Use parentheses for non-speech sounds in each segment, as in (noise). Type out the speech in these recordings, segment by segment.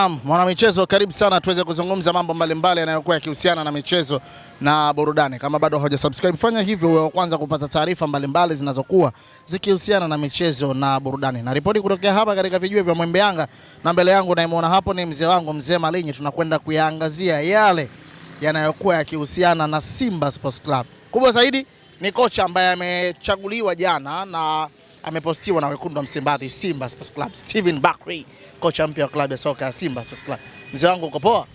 Naam, mwanamichezo, karibu sana tuweze kuzungumza mambo mbalimbali yanayokuwa yakihusiana na michezo na burudani. Kama bado subscribe, fanya hivyo uwe wa kwanza kupata taarifa mbalimbali zinazokuwa zikihusiana na michezo na burudani. Na ripoti kutokea hapa katika vijiwe vya Mwembe Yanga, na mbele yangu naimuona hapo ni mzee wangu mzee Malinyi. Tunakwenda kuyaangazia yale yanayokuwa yakihusiana na Simba Sports Club. Kubwa zaidi ni kocha ambaye amechaguliwa jana na amepostiwa na wekundu wa Msimbazi Simba Sports Club, Steven Bakri, kocha mpya wa klabu ya soka ya Simba Sports Club. Mzee wangu uko poa?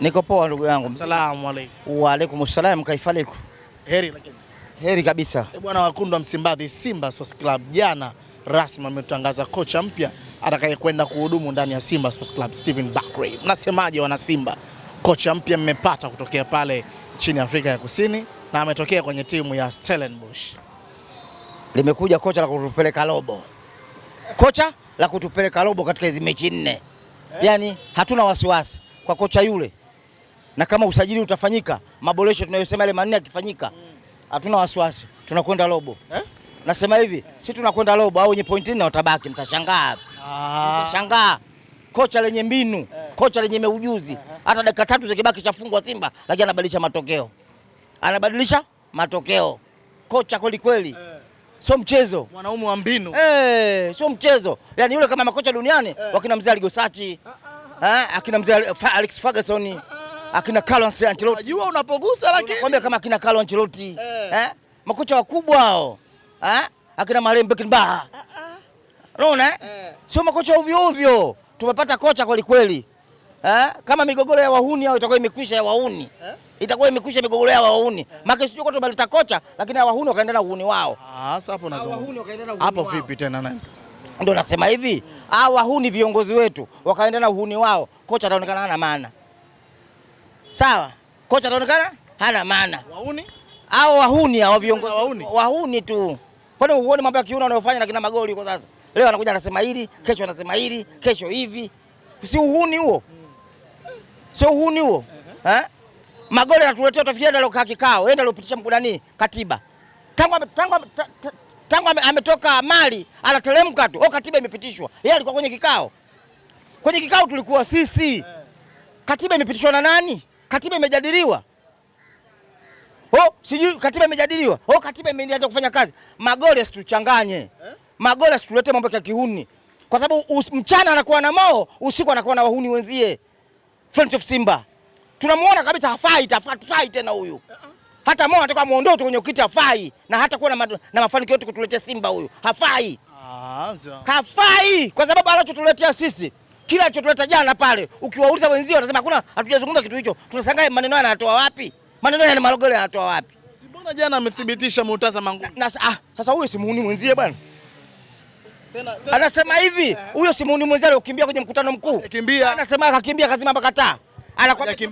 Niko poa ndugu yangu. Asalamu alaykum. Wa alaykum assalam, kaifaliku. Heri lakini. Heri kabisa. E bwana, wekundu wa Msimbazi Simba Sports Club jana rasmi ametangaza kocha mpya atakayekwenda kuhudumu ndani ya Simba Sports Club, Steven Bakri. Mnasemaje wana Simba? Kocha mpya mmepata kutokea pale chini Afrika ya Kusini na ametokea kwenye timu ya Stellenbosch limekuja kocha la kutupeleka robo, kocha la kutupeleka robo katika hizo mechi nne. Eh? Yani hatuna wasiwasi kwa kocha yule, na kama usajili utafanyika, maboresho tunayosema yale manne yakifanyika, hmm. hatuna wasiwasi, tunakwenda robo eh? Nasema hivi, si tunakwenda robo au wenye point nne watabaki, mtashangaa ah. Mtashangaa kocha lenye mbinu eh. Kocha lenye meujuzi eh. eh. Hata dakika tatu zikibaki chafungwa Simba, lakini anabadilisha matokeo, anabadilisha matokeo. Kocha kweli kweli eh sio mchezo, mwanaume wa mbinu eh, sio mchezo yani yule kama makocha duniani eh, Wakina mzee Aligosachi ha, eh, akina mzee Alex Ferguson akina Carlo Ancelotti. Unajua unapogusa lakini kwambia kama akina Carlo Ancelotti eh, eh Makocha wakubwa hao eh, akina Marlene Beckenbauer ah, ah. unaona eh, Sio makocha ovyo ovyo, tumepata kocha kweli kweli. Eh? Kama migogoro ya wahuni au itakuwa imekwisha ya wahuni Eh? Itakuwa imekwisha migogoro ya wahuni Eh? maki sio kwa sababu takocha, lakini wahuni wakaenda na uhuni wao. Ah, Sasa hapo na nazungumza. Hapo vipi tena nani? Ndio nasema hivi hawa wahuni viongozi wetu wakaenda na uhuni wao, kocha ataonekana hana maana. Sawa, kocha ataonekana hana maana. Wahuni? Hao wahuni hao viongozi wahuni. Wahuni tu. Kwani uone mambo ya kiuno anayofanya na kina magoli kwa sasa. Leo anakuja anasema hili, kesho anasema hili, kesho hivi. Si uhuni huo? sio uhuni huo uh eh? -huh. Magoli anatuletea utafikia ndio kaka kikao, yeye ndio lopitisha mkudani katiba tangu tangu tangu ametoka mali anateremka tu, oh, katiba imepitishwa. Yeye alikuwa kwenye kikao, kwenye kikao tulikuwa sisi. Katiba imepitishwa na nani? Katiba imejadiliwa? Oh, sijui katiba imejadiliwa. Oh, katiba imeendelea kufanya kazi. Magoli asituchanganye, magoli asitulete mambo ya kihuni, kwa sababu mchana anakuwa na moo, usiku anakuwa na wahuni wenzie. Friends of Simba. Tunamuona kabisa hafai, tafai tena huyu. Hata mmoja anataka muondoe kwenye kiti hafai na hata kuwa na, na mafanikio yote kutuletea Simba huyu. Hafai. Ah, hafai kwa sababu anachotuletea sisi kila alichotuleta jana pale, ukiwauliza wenzio wanasema hakuna, hatujazungumza kitu hicho. Tunasangaye maneno haya yanatoa wapi? Maneno haya ya Marogole yanatoa wapi? Si mbona jana amethibitisha Murtaza Mangungu. Ah, sasa huyu simuuni mwenzie bwana. Anasema hivi huyo si muuni mwenzake ukimbia kwenye mkutano mkuu. Kimbia. Anasema akakimbia kazima makata. Anakwambia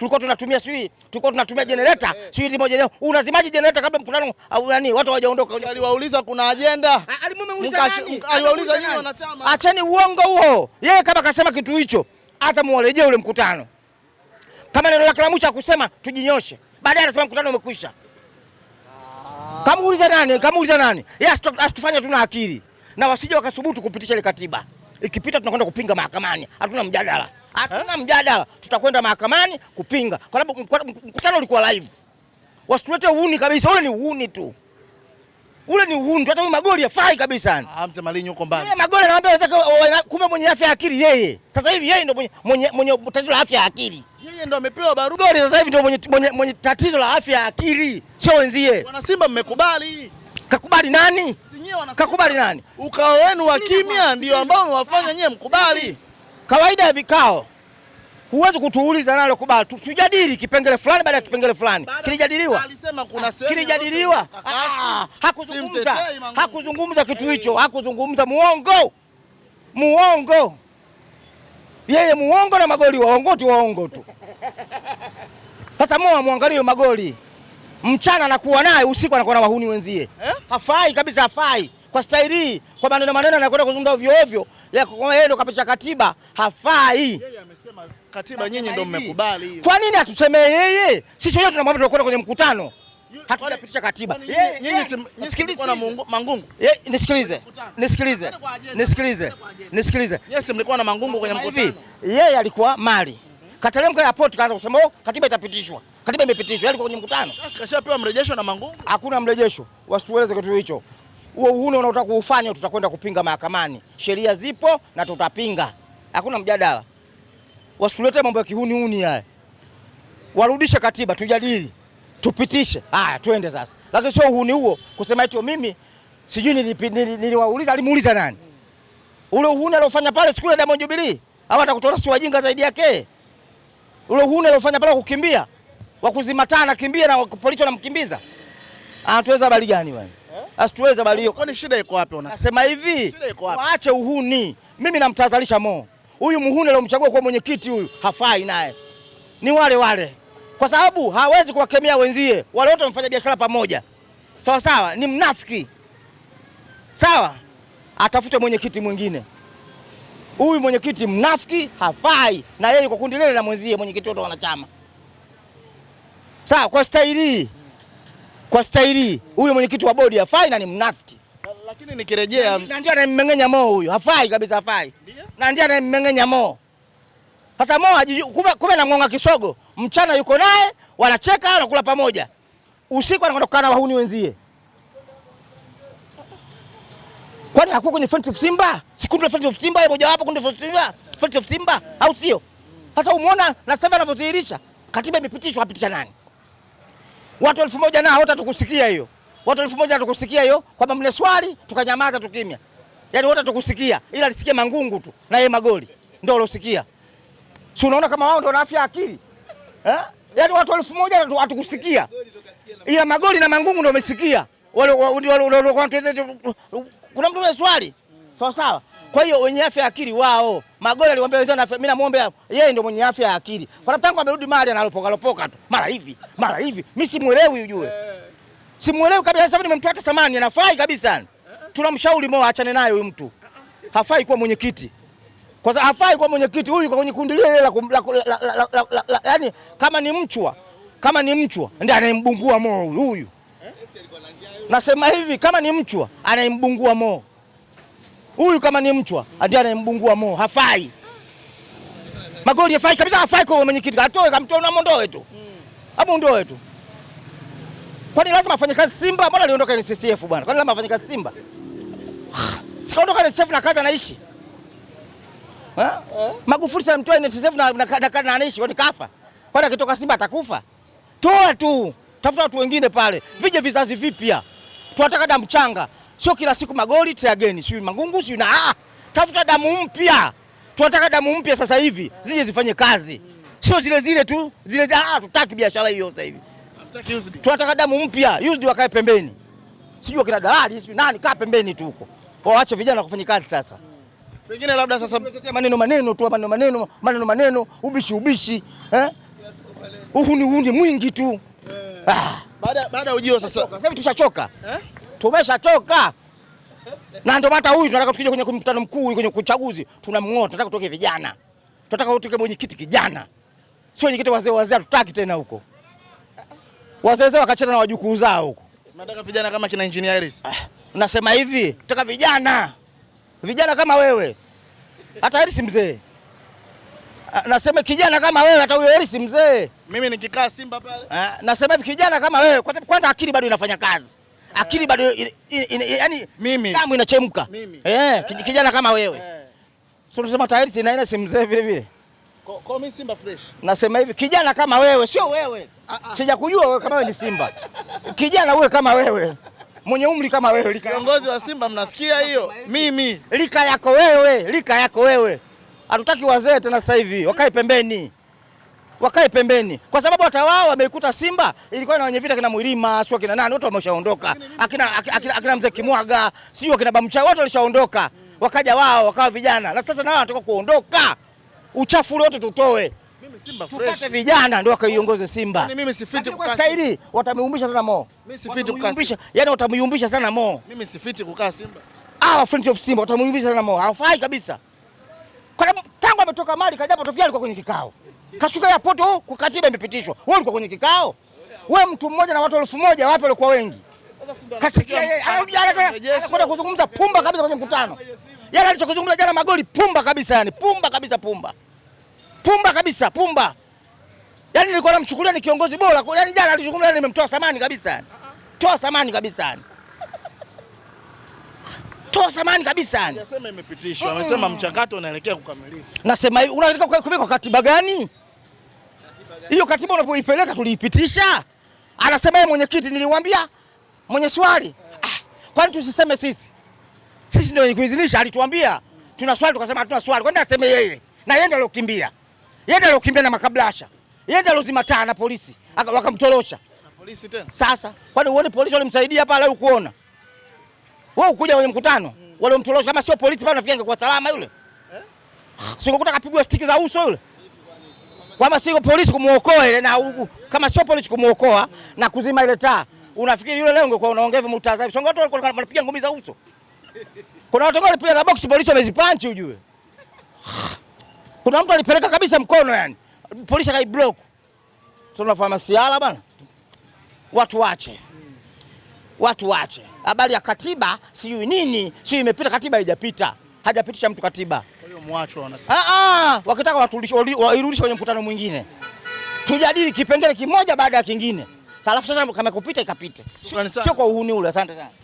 tulikuwa tunatumia sui, tulikuwa tunatumia generator eh. sui hizi moja leo. Unazimaji generator kabla mkutano au nani watu hawajaondoka. Aliwauliza kuna ajenda. Ah, aliwauliza nyinyi wanachama. Acheni uongo huo. Yeye kama kasema kitu hicho hata muwarejee ule mkutano. Kama neno lake la mwisho akusema tujinyoshe. Baadaye anasema mkutano umekwisha. Kamuuliza nani? Kamuuliza nani? Yeye asitufanye tuna akili na wasije wakathubutu kupitisha ile katiba. Ikipita tunakwenda kupinga mahakamani, hatuna mjadala, hatuna mjadala, tutakwenda mahakamani kupinga, kwa sababu mkutano ulikuwa live. Wasitulete uhuni kabisa, ule ni uhuni tu, ule ni uhuni. Hata huyu Magoli afai kabisa, ah, mbali. Yeye eh, Magoli anaambia oh, oh, eh, kumbe mwenye afya ya akili yeye. Sasa hivi yeye ndio mwenye mwenye tatizo la afya ya akili, yeye ndio amepewa barua. sasa hivi ndio mwenye tatizo la afya ya akili, sio wenzie. Wana Simba mmekubali Kakubali nani? Kakubali nani? Ukao wenu wa kimya ndio ambao mwafanya nyie mkubali. Kawaida ya vikao huwezi kutuuliza nalo kubali, tusijadili kipengele fulani baada ya kipengele fulani. Kilijadiliwa, kilijadiliwa, ah, hakuzungumza, hakuzungumza kitu hicho, hakuzungumza. Muongo, muongo, yeye muongo na magoli, waongoti, waongo tu. Sasa muangalie magoli mchana anakuwa naye, usiku anakuwa na wahuni wenzie eh? Hafai kabisa, hafai kwa staili hii, kwa maneno maneno anakwenda kuzungumza ovyo ovyo, yeye ndo kapisha katiba, hafai. Yeye amesema katiba, nyinyi ndio mmekubali. Kwa nini atuseme yeye? Sisi wote tunamwambia tunakwenda kwenye mkutano hatujapitisha katiba. Nisikilize, nisikilize, nisikilize, nisikilize. Mlikuwa na Mangungu kwenye mkutano, yeye alikuwa mali mhm. katalemka ya poti, kaanza kusema oh, katiba itapitishwa Katiba imepitishwa, yalikuwa kwenye mkutano. Sasa kashapewa mrejesho na Mangungu. Hakuna mrejesho, wasitueleze kitu hicho. Huo uhuni unaotaka kuufanya tutakwenda kupinga mahakamani. Sheria zipo na tutapinga, hakuna mjadala. Wasitulete mambo ya kihuni huni haya, warudishe katiba tujadili, tupitishe haya, twende sasa. Lazima sio uhuni huo kusema hicho. Mimi sijui niliwauliza, nili, nili alimuuliza nani ule uhuni aliofanya pale siku ya Diamond Jubilee, au atakutoa si wajinga zaidi yake ule uhuni aliofanya pale kukimbia wakuzimataa nakimbia na polisi wanamkimbiza. Anatuweza ah, habari gani wewe? Eh? Asituweze ah, habari hiyo. Kwani shida iko wapi unasema? Nasema hivi, waache uhuni. Mimi namtazalisha Mo. Huyu muhuni aliyomchagua kuwa mwenyekiti huyu hafai naye. Ni wale wale. Kwa sababu hawezi kuwakemea wenzie. Wale wote wamefanya biashara pamoja. Sawa sawa, ni mnafiki. Sawa? Atafute mwenyekiti mwingine. Huyu mwenyekiti mnafiki hafai na yeye kwa kundi lile la mwenzie mwenyekiti wote wanachama. Sawa, kwa staili kwa staili huyo mwenyekiti wa bodi hafai na ni mnafiki. Lakini nikirejea na ndio anayemmeng'enya moo huyo, hafai kabisa, hafai na ndio anayemmeng'enya moo. Sasa moo kumbe kumbe namng'onga kisogo, mchana yuko naye wanacheka wanakula pamoja, usiku anakwenda kukaa na wahuni wenzie. Kwani hakuwa kwenye Friends of Simba? Si kundi la Friends of Simba moja wapo, kundi la Simba, Friends of Simba au sio? Sasa umeona na sasa anavyodhihirisha katiba imepitishwa, apitisha nani? Watu elfu moja na hata tukusikia hiyo, watu elfu moja tukusikia hiyo, kwamba mle swali tukanyamaza tukimya, yaani wote tukusikia, ila alisikia mangungu tu na yeye magoli ndio alosikia. Si unaona kama wao ndio wana afya akili eh? Yaani watu elfu moja hatukusikia, ila magoli na mangungu ndio wamesikia wale wale. Kuna mtu mwenye swali sawa sawa. Kwa hiyo wenye afya akili wao Magoli aliwaambia wenzao, mimi namuombe yeye ndio mwenye afya ya akili, kwa sababu tangu amerudi mali analopoka lopoka tu mara hivi mara hivi, mimi simuelewi ujue, simuelewi kabisa. Sasa nimemtoa hata samani, anafai kabisa. Tunamshauri Mo aachane naye, huyu mtu hafai kuwa mwenyekiti kwa sababu hafai kuwa mwenyekiti huyu kwa kwenye kundi lile la, yaani kama ni mchwa kama ni mchwa ndiye anayembungua Mo huyu. Eh? Nasema hivi kama ni mchwa anayembungua Mo. Huyu kama ni mchwa ndiye anayembungua Mo, hafai magoli, hafai kabisa, hafai kwa mwenyekiti. Atoe, kamtoe na mondoe tu hapo, ndoe tu. Kwani lazima afanye kazi Simba? Mbona aliondoka ni CCF bwana? Kwani lazima afanye kazi Simba? (sighs) Sikaondoka ni CCF na kazi anaishi ha? Magufuli sasa mtoe ni CCF na, na, na, na anaishi kwani kafa? Kwani akitoka Simba atakufa? Toa tu, tafuta watu wengine pale, vije vizazi vipya, tunataka damu changa sio kila siku magoli try geni, sio magungu, sio na ah, tafuta damu mpya. Tunataka damu mpya sasa hivi zije zifanye kazi, sio zile zile tu zile. Ah, tutaki biashara hiyo sasa hivi, tunataka damu mpya. Used wakae pembeni, sijui kina dalali sio nani, kaa pembeni tu huko, waache vijana kufanya kazi sasa pengine labda sasa maneno maneno tu maneno maneno maneno maneno ubishi ubishi eh, uhuni uhuni mwingi tu eh. Ah, baada baada ujio sasa, sasa hivi tushachoka eh? tumeshatoka na ndio hata huyu tunataka tukija kwenye mkutano mkuu kwenye uchaguzi tunamng'oa, tunataka tutoke vijana, tunataka utoke mwenyekiti kijana, sio mwenyekiti wazee wazee, tutaki tena huko wazee wazee wakacheza na wajukuu zao huko. Nataka vijana kama kina engineer Iris. Ah, nasema hivi, nataka vijana vijana kama wewe, hata Iris mzee. Ah, nasema kijana kama wewe, hata huyo Iris mzee. Mimi nikikaa Simba pale. Ah, nasema hivi kijana kama wewe, kwanza akili bado inafanya kazi akili bado yani, mimi damu inachemka eh, eh, kijana kama wewe, eh. sio tunasema tayari sina ina simu zee vile vile kwa mimi Simba fresh. Nasema hivi kijana kama wewe, sio wewe, ah, ah. sijakujua wewe kama wewe ni Simba, kijana wewe kama wewe mwenye umri kama wewe, kiongozi wa Simba, mnasikia hiyo? Mimi lika yako wewe, lika yako wewe, hatutaki wazee tena sasa hivi, wakae pembeni wakae pembeni, kwa sababu hata wao wameikuta Simba ilikuwa na wenye vita kina Mwilima, sio kina nani, wote wameshaondoka, akina, akina, akina akina mzee Kimwaga, sio kina Bamcha, wote walishaondoka, wakaja wao wakawa vijana, na sasa nao wanataka kuondoka. Uchafu wote tutoe, mimi Simba fresh, vijana ndio wakaiongoze Simba. Yani mimi sifiti kukaa staili, watamyumbisha sana Mo, mimi sifiti kukaa yaani watamyumbisha sana Mo, mimi sifiti kukaa Simba. Ah, friends of Simba watamyumbisha sana Mo, Hawafai kabisa, kwa sababu tangu ametoka mali kajapo tofia alikuwa kwenye kikao Kashuka ya poto kwa katiba imepitishwa. Wewe ulikuwa kwenye kikao? Wewe mtu mmoja na watu elfu moja wapi walikuwa wengi? Kasikia yeye anakwenda kuzungumza pumba kabisa kwenye mkutano. Yale alichokuzungumza jana magoli pumba kabisa yani, pumba kabisa pumba. Pumba kabisa pumba. Yaani nilikuwa namchukulia ni kiongozi bora. Yaani jana alizungumza nimemtoa samani kabisa yani. Toa samani kabisa yani. Toa samani kabisa yani. Nasema imepitishwa. Anasema mchakato unaelekea kukamilika. Nasema unaelekea kukamilika kwa katiba gani? hiyo katiba unapoipeleka tuliipitisha. Anasema yeye mwenyekiti, niliwambia mwenye swali, ah, kwani tusiseme sisi? Sisi ndio wenye kuidhinisha, alituambia tuna swali, tukasema hatuna swali. Kwani aseme yeye? Na yeye ndio aliyokimbia, yeye ndio aliyokimbia na makablasha, yeye ndio aliozima taa na polisi wakamtorosha polisi tena. Sasa kwani uone polisi walimsaidia pale leo kuona wewe ukuja kwenye mkutano hmm. wale mtorosha, kama sio polisi bado nafikiri angekuwa salama yule eh? Ah, Sikukuta kapigwa stiki za uso yule kwamba sio polisi kumuokoa ile na u, kama sio polisi kumuokoa na kuzima ile taa, unafikiri yule leo ungekuwa unaongea mtaza hivi? Songa watu walikuwa wanapiga ngumi za uso, kuna watu walipiga na box, polisi wamezipanchi, ujue kuna mtu alipeleka kabisa mkono, yani polisi akai akaiblock. Tunafahamu siala bana, watu wache watu wache habari ya katiba, sijui nini, sio imepita katiba, haijapita hajapitisha mtu katiba. Ah, ah, wakitaka wairudishe kwenye mkutano mwingine tujadili kipengele kimoja baada ya kingine. Alafu sasa kama kupita ikapite, sio kwa uhuni ule. Asante sana.